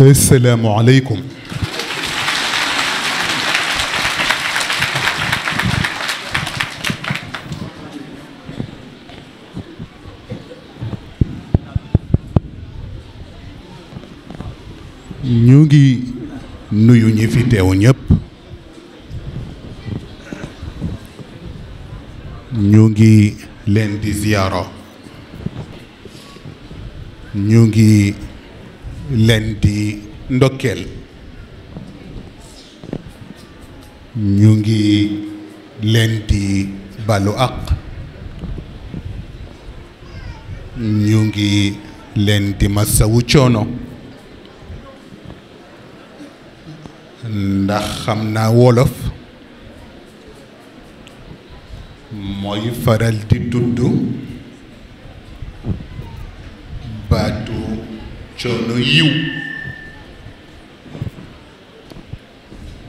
asalaamu ñu ngi nuyu ñi fi teew ñëpp ñu ngi leen di ziyaaro ñu ngi leen di ndokkeel ñu ngi leen di balu àq ñu ngi leen di masawu coono ndax xam naa wolof mooy faral di tudd baat coono yiw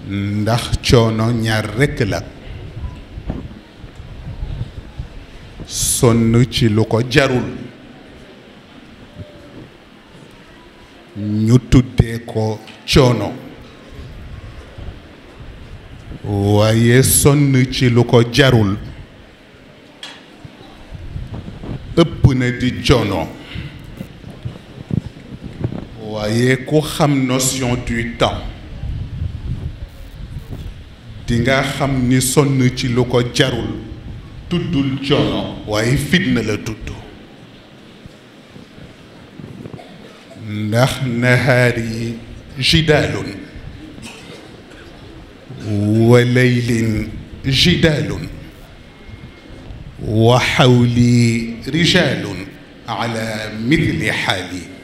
ndax coono ñaar rekk la sonn ci lu ko jarul ñu tuddee ko coono waaye sonn ci lu ko jarul ëpp na di coono waaye ku xam notion du nga xam ni sonn ci lu ko jarul tuddul coono waaye fitna la tudd ndax nahaari jidaalun wa laylin jidaalun wa xawli rijaalun ala mithli xaali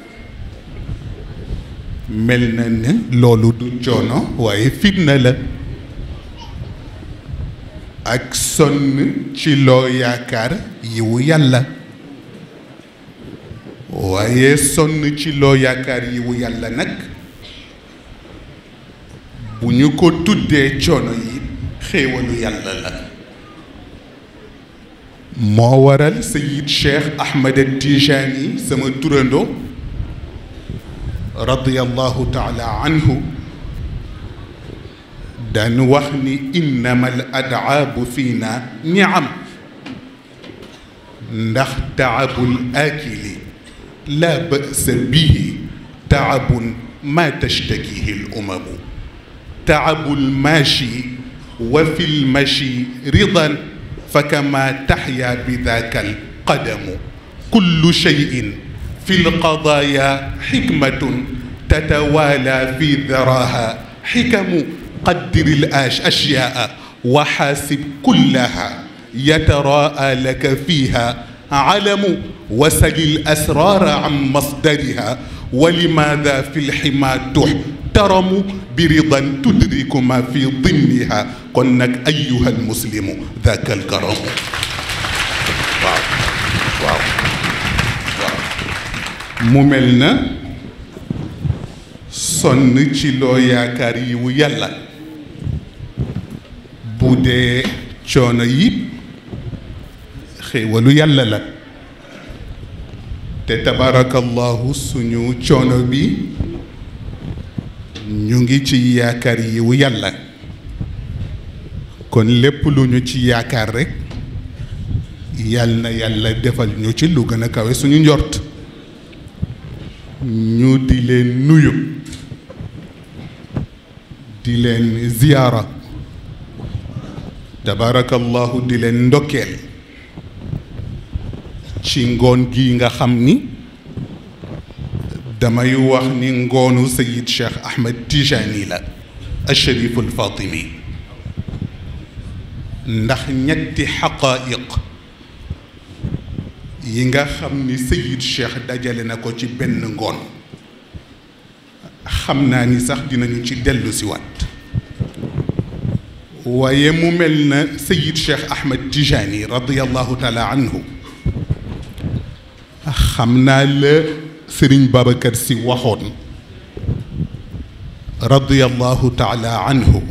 mel na ne loolu du coono waaye fitna la ak sonn ci loo yaakaar yiwu yàlla waaye sonn ci loo yaakaar yiwu yàlla nag bu ñu ko tuddee coono yi xéewalu yàlla la moo waral Sayid Cheikh Ahmed Tijani sama turandoo radiyallahu taala anhu daanu wax ni innama al adaabu fiina niam ndax taabul aakili laa basa bihi taabun maa tashtakihi l umamu taabul maashi wa fi lmashi ridan fa kama taxya bi daaka alqadamu kullu cheyin fi lqadaya xikmatun tatawaala fi daraha xikamu qaddiri l ashyaa wa xaasib kullaha yataraa laka fiha alamu wasali l asrara an masdariha wa limaada fi lxima tuxtaramu biridan tudriku ma fi dimniha kon nag ayuha almuslimu daka alkaramu waaw waaw mu mel na sonn ci loo yaakaar yiwu yàlla bu dee coono yi xéewalu yàlla la te tabarakallahu suñu coono bi ñu ngi ci yaakaar yiwu yàlla kon lépp lu ñu ci yaakaar rekk yàl na yàlla defal ñu ci lu gën a kawe suñu njort ñu di leen nuyu di leen ziyaara tabarakallahu di leen ndokkeel ci ngoon gi nga xam ni damay wax ni ngoonu sayid cheikh ahmed tijani la asharifu alfatimi ndax ñetti xaqaayiq yi nga xam ni Seyid Cheikh dajale na ko ci benn ngoon xam naa ni sax dinañu ci dellu si waat waaye mu mel na Seyid Cheikh Ahmed Tijani radiyallahu taala anhu xam naa la Sëriñ Babacar si waxoon radiyallahu taala anhu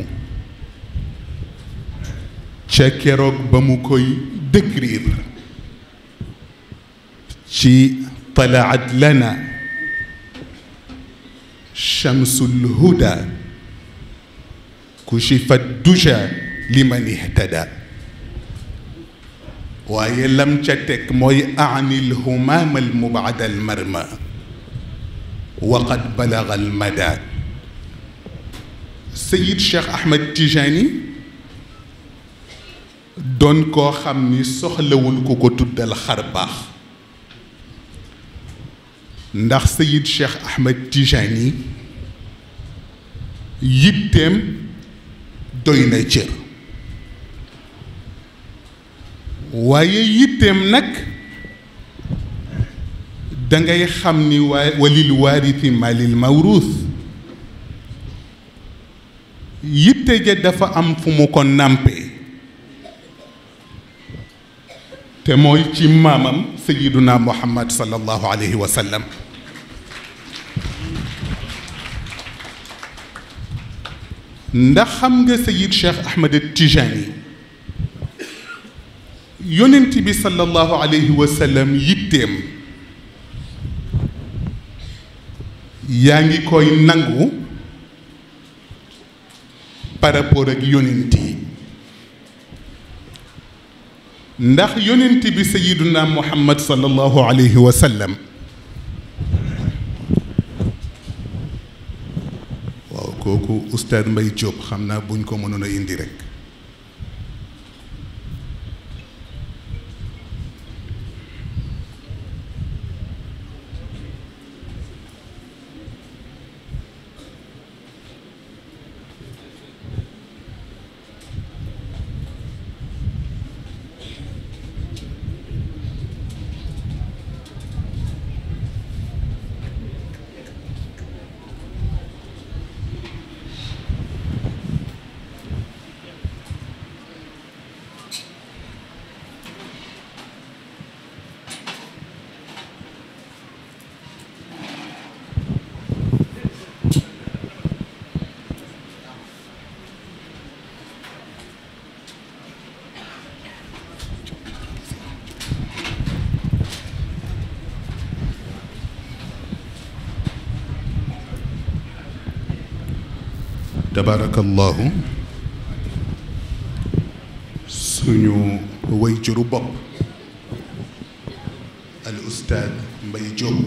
ca keroog ba mu koy décrire ci talaat lana shamsul huda kushifat dusha liman ihtada waaye lam ca teg mooy anil humaam al mubaad al marma waqad balaga al mada Seyid Cheikh Ahmed Tijani doon koo xam ni soxlawul ku ko tuddal xar baax ndax Sayid Cheikh Ahmed Tijani yitteem doy na cër waaye yitteem nag dangay xam ni waa walil waarisi malil mawruus yitte ja dafa am fu mu ko nàmpe te mooy ci maamam sayiduna muhammad sallallahu alayhi wa sallam ndax xam nga sayid cheikh ahmed tijani yonent bi sallallahu alayhi wa sallam yaa ngi koy nangu par rapport ak yonent yi ndax yonent bi sayiduna muhammad sallallahu alayhi wa sallam waaw kooku ustaad Mbay Jóob xam naa buñ ko mënoon a indi rek tabaarakallaahu suñu wayjuru bopp al ustaad Mbay Jóob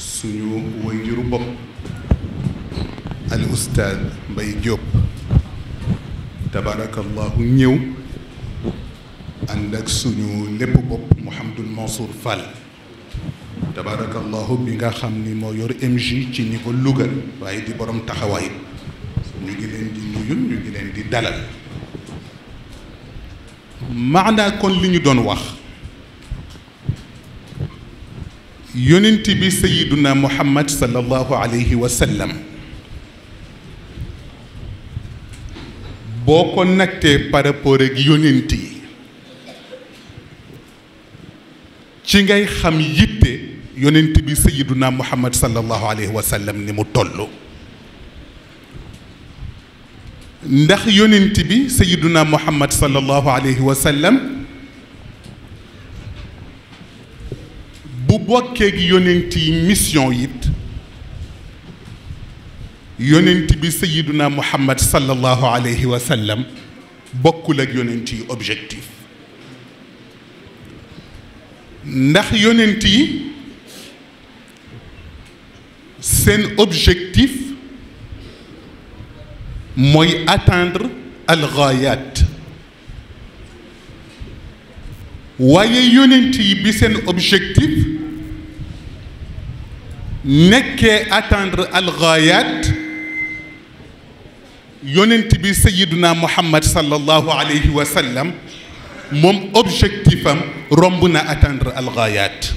suñu wayjuru bopp al ustaad Mbay Jóob tabarakallahu ñëw ànd ak suñu lépp bopp Mouhamadul Mansour Fall tabarakallahu bi nga xam ni moo yor MJ ci niveau Louga waaye di borom taxawaay ñu ngi leen di nuyu ñu ngi leen di dalal maanaa li ñu doon wax yonent bi sayiduna muhammad sallallahu alayhi wa sallam boo ko nattee par yonent yi ci ngay xam yitte yonent bi sayiduna muhammad sallallahu alayhi wa sallam ni mu toll ndax yonent bi sayiduna muhammad sallallahu alayhi wa sallam bu bokkee ak yonent yi mission it yonent bi sayiduna muhammad sallallahu alayhi wa sallam bokkul ak yonent yi objectif ndax yonent yi seen objectif mooy atteindre alxaayaat waaye yonent yi bi seen objectif nekkee atteindre alxaayaat yonent bi sayiduna muhammad sallallahu alayhi wa sallam moom objectif am romb na atteindre alxaayaat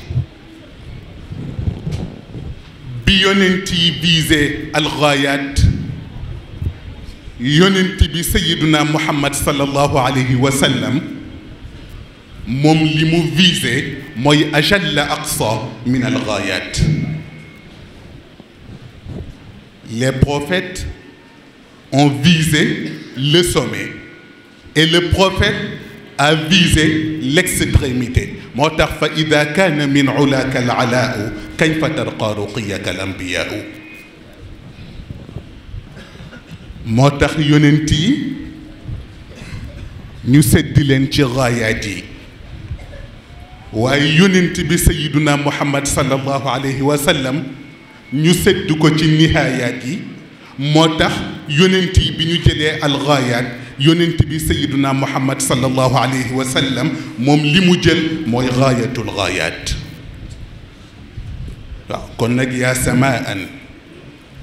bi yonent yi visé alxaayaat yonent bi sayiduna muhammad sallallahu alayhi wa sallam moom li mu visé mooy ajal aqsa min alxaayaat les prophètes ont visé le sommet et le prophète a visé l'extrémité moo tax fa ida min ulaaka al alaau kayfa tarqaa ruqiyaka al ambiyaau moo tax yonent yi ñu seddi leen ci raayaat bi sayiduna muhammad sallallahu alayhi wa sallam ñu seddu ko ci nihaayaat yonent yi bi ñu jëlee alxaayaat yonent bi sayiduna muhammad sallallahu alayhi wa sallam moom li mu jël mooy xaayatul xaayaat waaw kon nag yaa samaan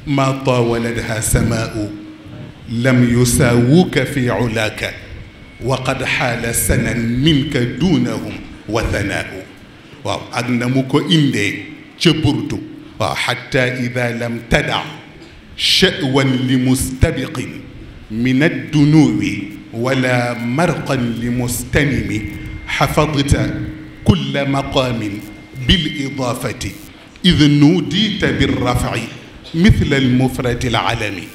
maa taawalatha samaau lam yusaawuka fi ulaaka wa qad xaala sanan minka duunahum wa thanaau waaw ak na mu ko indee ca burtu waaw xatta ida lam tadaa sha'wan li mustabiqin min addunuwi wala marqan li mustanimi xafadta kulla maqaamin bilidaafati id nuudiita birrafci misla almufrati alcalami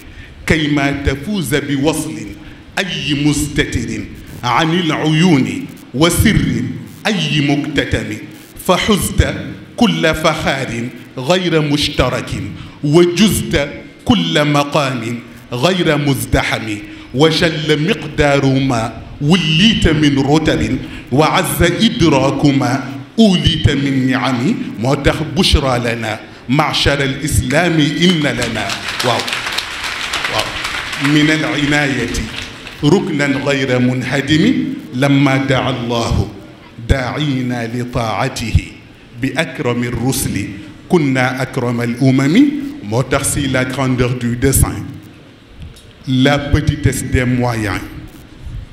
kayma tafuuza biwaslin ay mustatirin can alcuyuuni wa sirrin ay muktatami fa xusta kulla faxaarin gayra mushtarakin wa juzta كل مقام غير مزدحم وشل مقدار ما وليت من رتب وعز إدراك ما أوليت من نعم moo tax bushra lana معشر الإسلام إن لنا waaw waaw من العناية ركنا غير منهدم لما دعا الله داعينا لطاعته بأكرم الرسل كنا أكرم الأمم moo tax si la grandeur du dessein la petitesse des moyens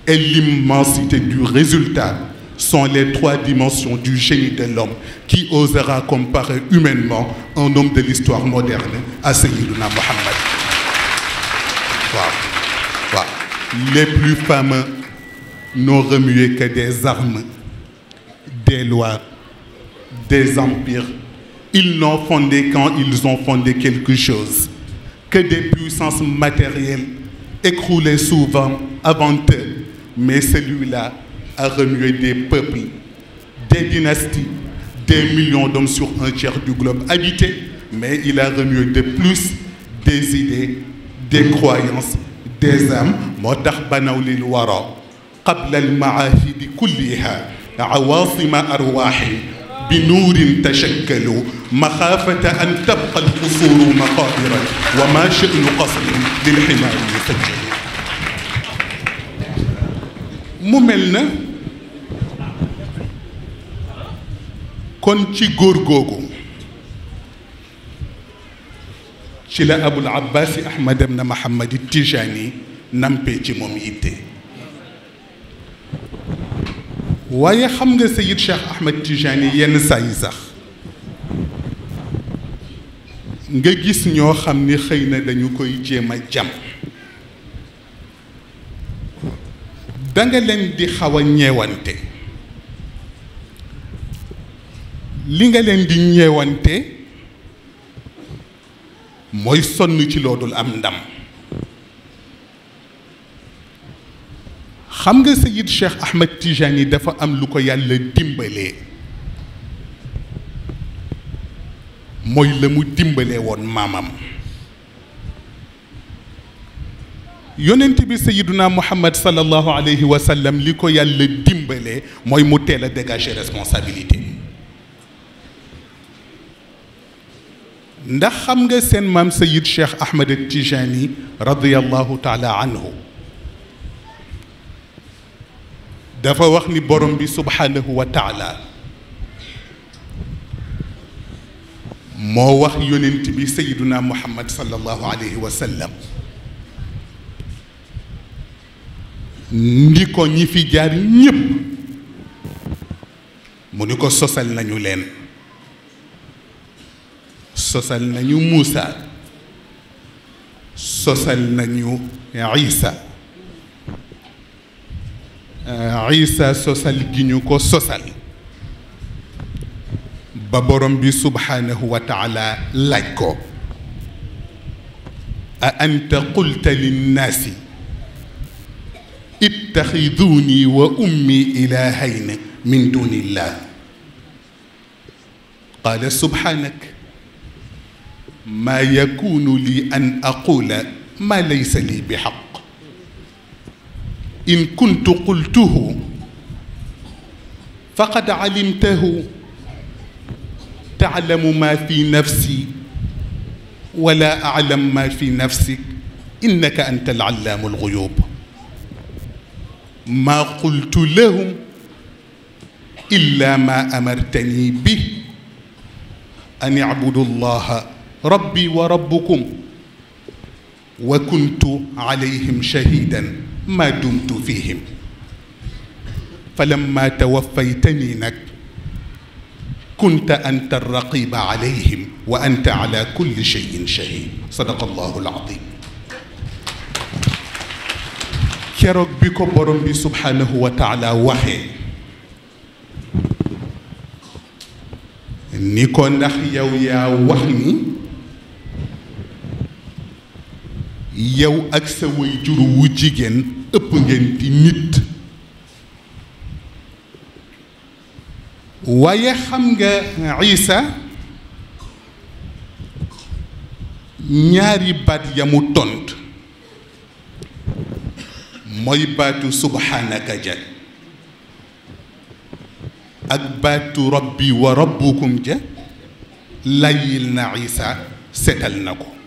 et l'immensité du résultat sont les trois dimensions du génie de l'homme qui osera comparer humainement un homme de l'histoire moderne à Seyyiduna Mohammad les plus fameux n'ont remué que des armes des lois des empires Ils n'ont fondé quand ils ont fondé quelque chose que des puissances matérielles écroulées souvent avant eux. Mais celui-là a remué des peuples, des dynasties, des millions d'hommes sur un tiers du globe habité, mais il a remué de plus des idées, des croyances, des âmes. moo tax banaw lil wara qabla al maahidi kulliha awasima arwaahi بنور تشكلوا مخافة أن تبقى القصور مقابرا وما شأن قصر للحمار يسجل mu mel na kon ci góor googu ci la Abul Abbaas Ahmad ibn Muhammad Tijaani nampee ci moom yitte waaye xam nga Seyid Cheikh Ahmed Tijani yenn saa sax nga gis ñoo xam ni xëy na dañu koy jéem a jam danga leen di xawa a ñeewante li nga leen di ñeewante mooy sonn ci loodul am ndam xam nga Seyid Cheikh Ahmed Tijani dafa am lu ko yàlla dimbalee mooy la mu dimbalee woon maamam yonent bi Seyiduna Muhammad sallallahu alayhi wa sallam li ko yàlla dimbalee mooy mu teel a dégager responsabilité ndax xam nga seen maam Seyid Cheikh Ahmed Tijani radiyallahu taala anhu dafa wax ni borom bi subhanahu wa taala moo wax yonent bi sayiduna muhammad sallallahu alayhi wa sallam ndi ko ñi fi jaar ñépp mu ni ko sosal nañu leen sosal nañu muusa sosal nañu isa Eh, isa sosal gi ñu ko sosal ba borom bi subhaanahu wa taala laaj ko a anta qulta linnaasi ittaxiduuni wa ummi ilaahayni min duunillaah qaala subhaanak maa yakuunu li an aquula maa laysa lii bi xaq in kuntu qultuhu faqad alimtahu taalamu ma fi nafsi wala alam ma fi nafsik innaka anta alallamu alxuyub ma qultu lahum illa ma amartani bi an ibudu allaha rabbi wa rabbukum wa kuntu alayhim shahidan ma dumtu fihim fa lamma tawaffaytani nag kunta anta alraqiba alayhim wa anta ala kulli cheyin shahid sadaqa allahu alazim keroog bi ko borom bi subhanahu wa taala waxee ni ko ndax yow yaa wax ni yow ak sa way jur wu jigéen ëpp ngeen ci nit waaye xam nga Isa ñaari baat ya mu tont mooy baatu subhaanaka ja ak baatu rabbi wa rabbukum ja layil na Isa seetal na ko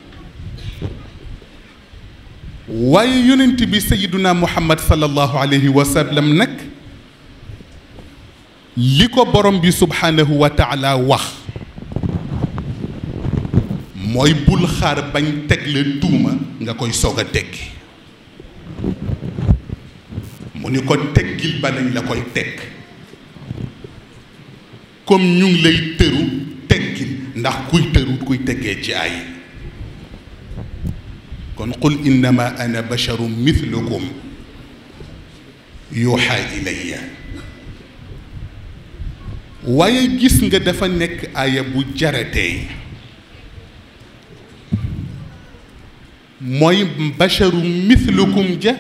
waaye yonent bi sayiduna muhammad sallallahu alayhi wa sallam nag li ko borom bi subhaanahu wa taala wax mooy bul xaar bañ teg la tuuma nga koy soog a teggi mu ni ko teggil ba nañ la koy teg comme ñu ngi lay tëru teggil ndax kuy tëru kuy teggee ci ay kon qul innama ana basharun mithlukum yuuxa ilayya waaye gis nga dafa nekk aaya bu jaratee mooy basharu mithlukum ja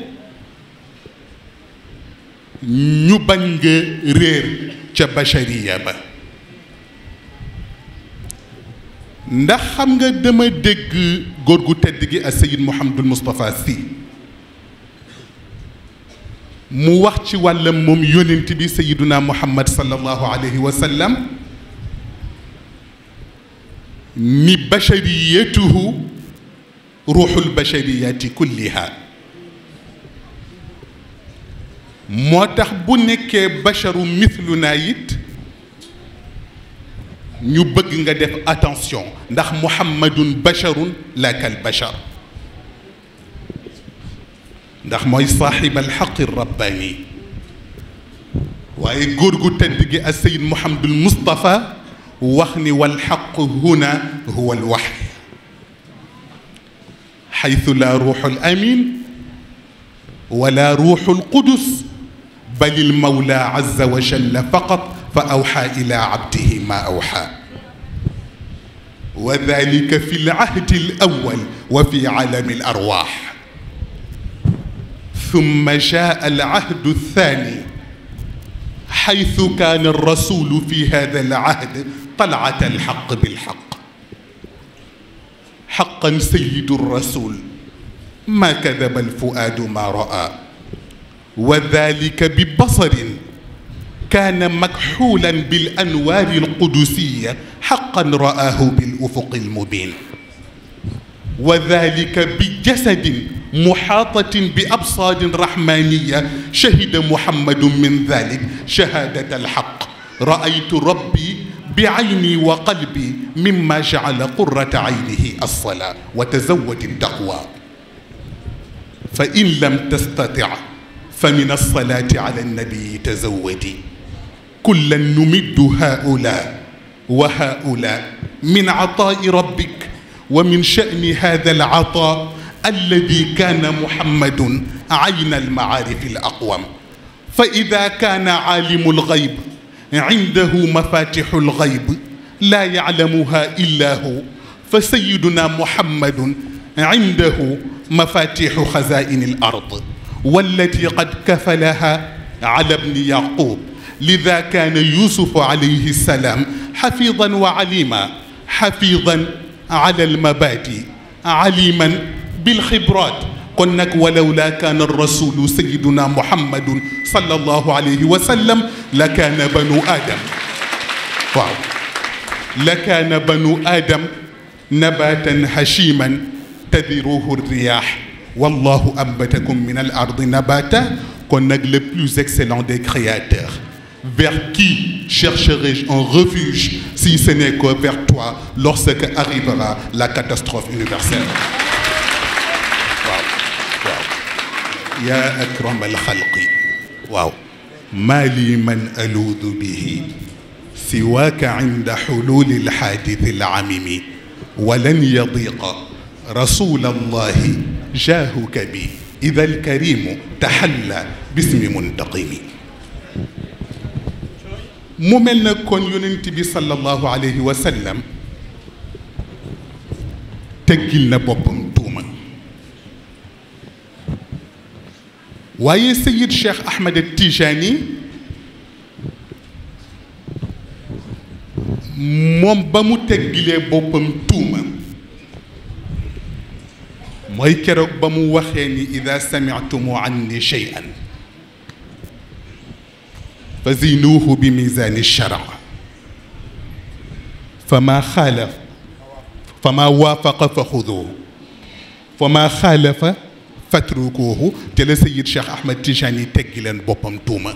ñu bañ nga réer ca bashariya ba ndax xam nga dama dégg góor gu tedd gi ak Seyid Mouhamadul Moustapha Sy mu wax ci wàllam moom yónent bi Seyiduna Muhammad sallallahu alayhi wa sallam ni bashariyatuhu ruuxul bashariyati kulliha moo tax bu nekkee basharu mithluna it ñu bëgg nga def attention ndax muhammadun basharun la kal bashar ndax mooy saaxib alxaqi rabbaani waaye góor gu tedd gi a sayid muhammadul mustafa wax ni walxaq huna huwa alwaxy xaytu la ruuxu alamin wala ruuxu alqudus bal almawla azza wa jalla faqat fa awxa ila abdihi ma awxaa wa dalika fi lahdi alawal wa fi aalami alarwax summa jaa alahdu althani xaytu kaan alrasulu fi hada alahd talaat alxaq bilxaq xaqan sayidu rasul ma kadaba alfuaadu ma raa wa dalika bi basarin kaana makxuulan bil anwaari alqudusiya xaqan ra'aahu bil ufuqi almubin wa dalika bi jasadin muxaatatin bi absaadin rahmaaniya shahida muhammadun min dalik shahaadata alxaq ra'aytu rabbi bi ayni wa qalbi mimma jacala qurrata aynihi alsalaa wa tazawwadi attaqwa fa in lam tastatic fa min alsalaati ala annabii tazawwadi kullan numiddu haula wa haula min ataai rabbik wa min shani hada al ataa alladi kana muhammadun ayna al maarif al aqwam fa ida kana alimu al gayb indahu mafatihu al gayb la yalamuha illa hu fa sayiduna muhammadun indahu mafatihu xazaini al ard wallati qad kafalaha ala bni yaqub lida kaana yuusufu alayhi salaam xafidan wa alima xafidan ala almabaati aliman bilxibraat kon nag walawlaa kaana rasulu sayiduna muhammadun sallallahu alayhi wa sallam la kaana banu aadam waaw la kaana banu aadam nabaatan hashiman tadiruhu riyaax wallahu ambatakum min al ardi nabata kon nag le plus excellent des créateurs Vers qui chercherai-je un refuge si ce n'est que vers toi lorsque arrivera la catastrophe universelle waaw waaw yaa akramal xalqi waaw maa lii man aluudu bihi siwaaka inda xuluuli lxaaditi alamimi walan yadiqa rasul allahi jaahuka bi ida alkarimu taxalla bismi muntaqimi mu mel na kon yonent bi sallallahu alayhi wa sallam teggil na boppam tuuma waaye Seyid Cheikh Ahmed Tijani moom ba mu teggilee boppam tuuma mooy keroog ba mu waxee ni ida samictumu anni shay'an fa zinuuhu bi miizaani shara fa maa xaalaf fa maa waafaqa fa xuduuhu fa maa xaalafa fatrukuuhu te la Seyid Cheikh Ahmed Tijani teggi leen boppam tuuma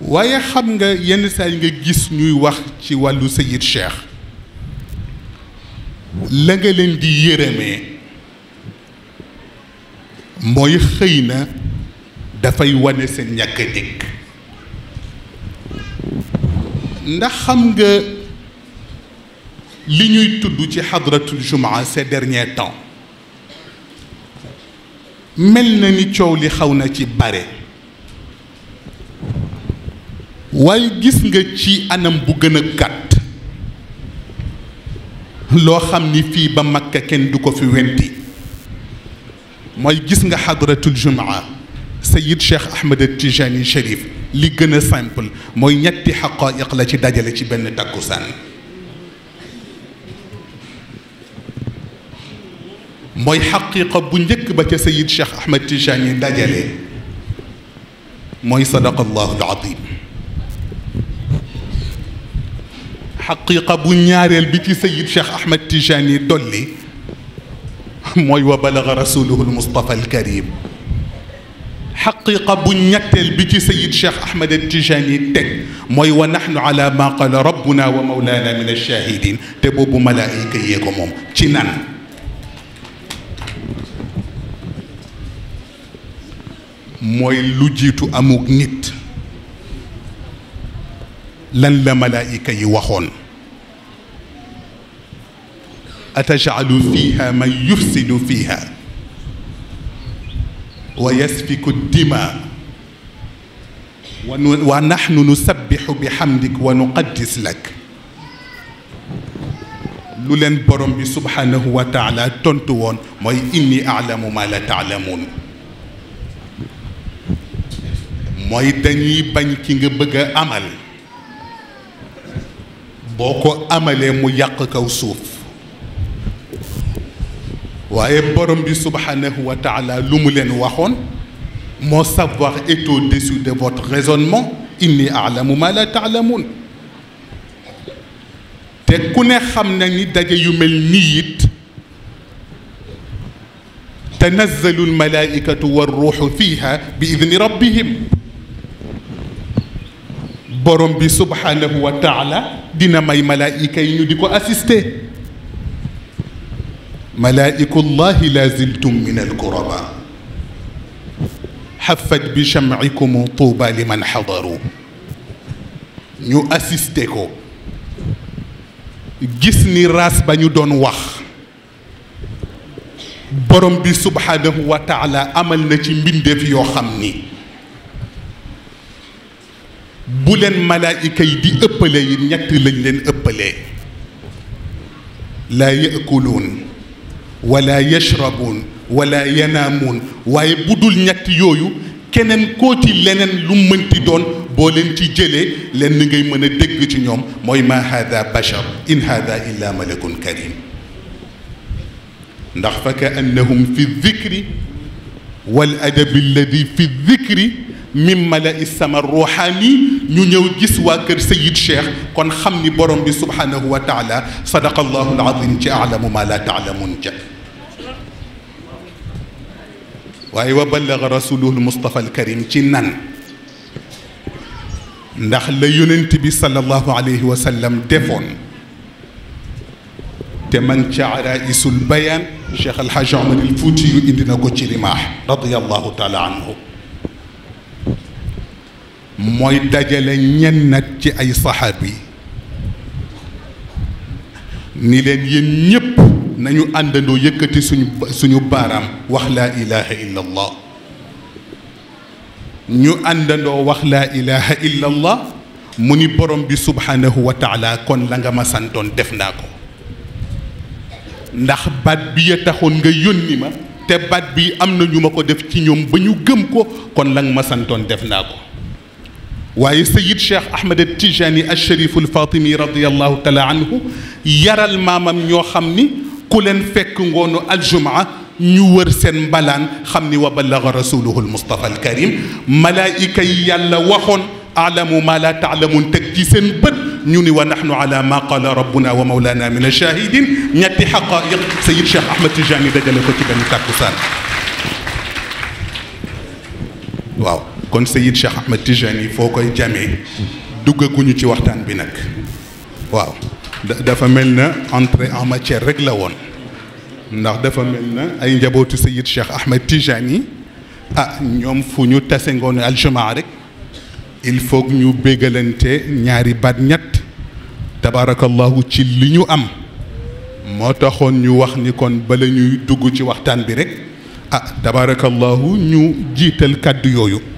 waaye xam nga yenn saa yi nga gis ñuy wax ci wàllu Seyid Cheikh la nga leen di yërëmee mooy xëy na dafay wane seen ñàkk a dégg ndax xam nga li ñuy tudd ci xadratul jumaa ces derniers temps mel na ni coow li xaw na ci bare waaye gis nga ci anam bu gën a gàtt loo xam ni fii ba Makka kenn du ko fi wenti mooy gis nga xadratul jumaa Sayid Cheikh Ahmed Tijani Cherif li gën a simple mooy ñetti xaqaayiq la ci dajale ci benn takkusaan mooy xaqiqa bu njëkk ba ca Sayid Cheikh Ahmed Tijani dajale mooy sadaqa allahu alazim xaqiqa bu ñaareel bi ci Sayid Cheikh Ahmed Tijani dolli mooy wa balaga rasuluhu almustafa alkarim xaqiqa bu ñetteel bi ci sayid cheikh ahmed tijani teg mooy wa nahnu ala ma qala rabbuna wa mawlana min alchahidin te boobu malaayika yee ko moom ci nan mooy lu jiitu amuk nit lan la malaayika yi waxoon atajalu fiha man yufsidu fiha wa yasfiku dima wa nahnu nusabbixu bi xamdik wa nuqaddis lak lu leen borom bi subhanahu wa taala tontu woon mooy inni alamu ma la taalamuun mooy dañuy bañ ki nga bëgg a amal boo ko amalee mu yàq kaw suuf waaye borom bi subhanahu wa taala lu mu leen waxoon mon savoir est au-dessus de votre raisonnement inni alamu ma la taalamuun te ku ne xam ne ni daje yu mel nii it tanazzalu almalaikatu warruuxu fiha bi idni rabbihim borom bi subhanahu wa taala dina may malaayika yi ñu di ko assister malaa'ikullahi laa ziltum min alkuraba xafat bi chamcikum tuuba liman xadaru ñu assisté ko gis ni raas ba ñu doon wax borom bi subhaanahu wa taala amal na ci mbindeef yoo xam ni bu leen malaayika yi di ëppale yi ñett lañ leen ëppalee laa yakuluun wala yashrabuun wala yanaamuun waaye bu dul ñett yooyu keneen koo ci leneen lu ti doon boo leen ci jëlee lenn ngay mën a dégg ci ñoom mooy ma hada bashar in hada illa malakun karim ndax fa ka annahum fi dikri wal adabi alladi fi dikri min malai sama ruuxaani ñu ñëw gis waa kër Sayid Cheikh kon xam ni borom bi subhanahu wa taala sadaqa allahu alazim ci alamu ma la taalamun ja waaye wa ballaga rasuluhul mustafa al karim ci nan ndax la yonent bi sallallahu alayhi wa sallam defoon te man ca araisul bayaan cheikh alhaj omar al fuuti yu indi na ko ci rimaax radiallahu taala anhu mooy dajale ñennat ci ay saxaab yi ni leen yéen ñépp nañu àndandoo yëkkati suñu suñu baaraam wax laa ilaha illa allah ñu àndandoo wax laa ilaha illa allah mu ni borom bi subhanahu wa taala kon la nga ma santoon def naa ko ndax baat bi ya taxoon nga yónni ma te baat bi am na ñu ma ko def ci ñoom ba ñu gëm ko kon la nga ma santoon def naa ko waaye sayid cheikh ahmed tijani al sharif al fatimi radiallahu taala anhu yaral maamam ñoo xam ni ku leen fekk ngoonu aljumaa ñu wër seen mbalaan xam ni wa ballaga rasuluhu almustafa alkarim malaayika yi yàlla waxoon alamu ma la taalamuun teg ci seen bët ñu ni wa nahnu ala ma qala rabbuna wa mawlana min alshahidin ñetti xaqaiq sayid cheikh ahmad tijani dajale ko ci benn tàkkusaan waaw kon sayid cheikh ahmad tijani foo koy jamee duggaguñu ci waxtaan bi nag waaw dafa mel na entrée en matière rek la woon ndax dafa mel na ay njabootu Seyid Cheikh Ahmed Tijani ah ñoom fu ñu tase ngoon aljamaa rek il faut ñu béggalante ñaari baat ñett tabarakallahu ci li ñu am moo taxoon ñu wax ni kon bala ñuy dugg ci waxtaan bi rek ah tabarakallahu ñu jiital kàddu yooyu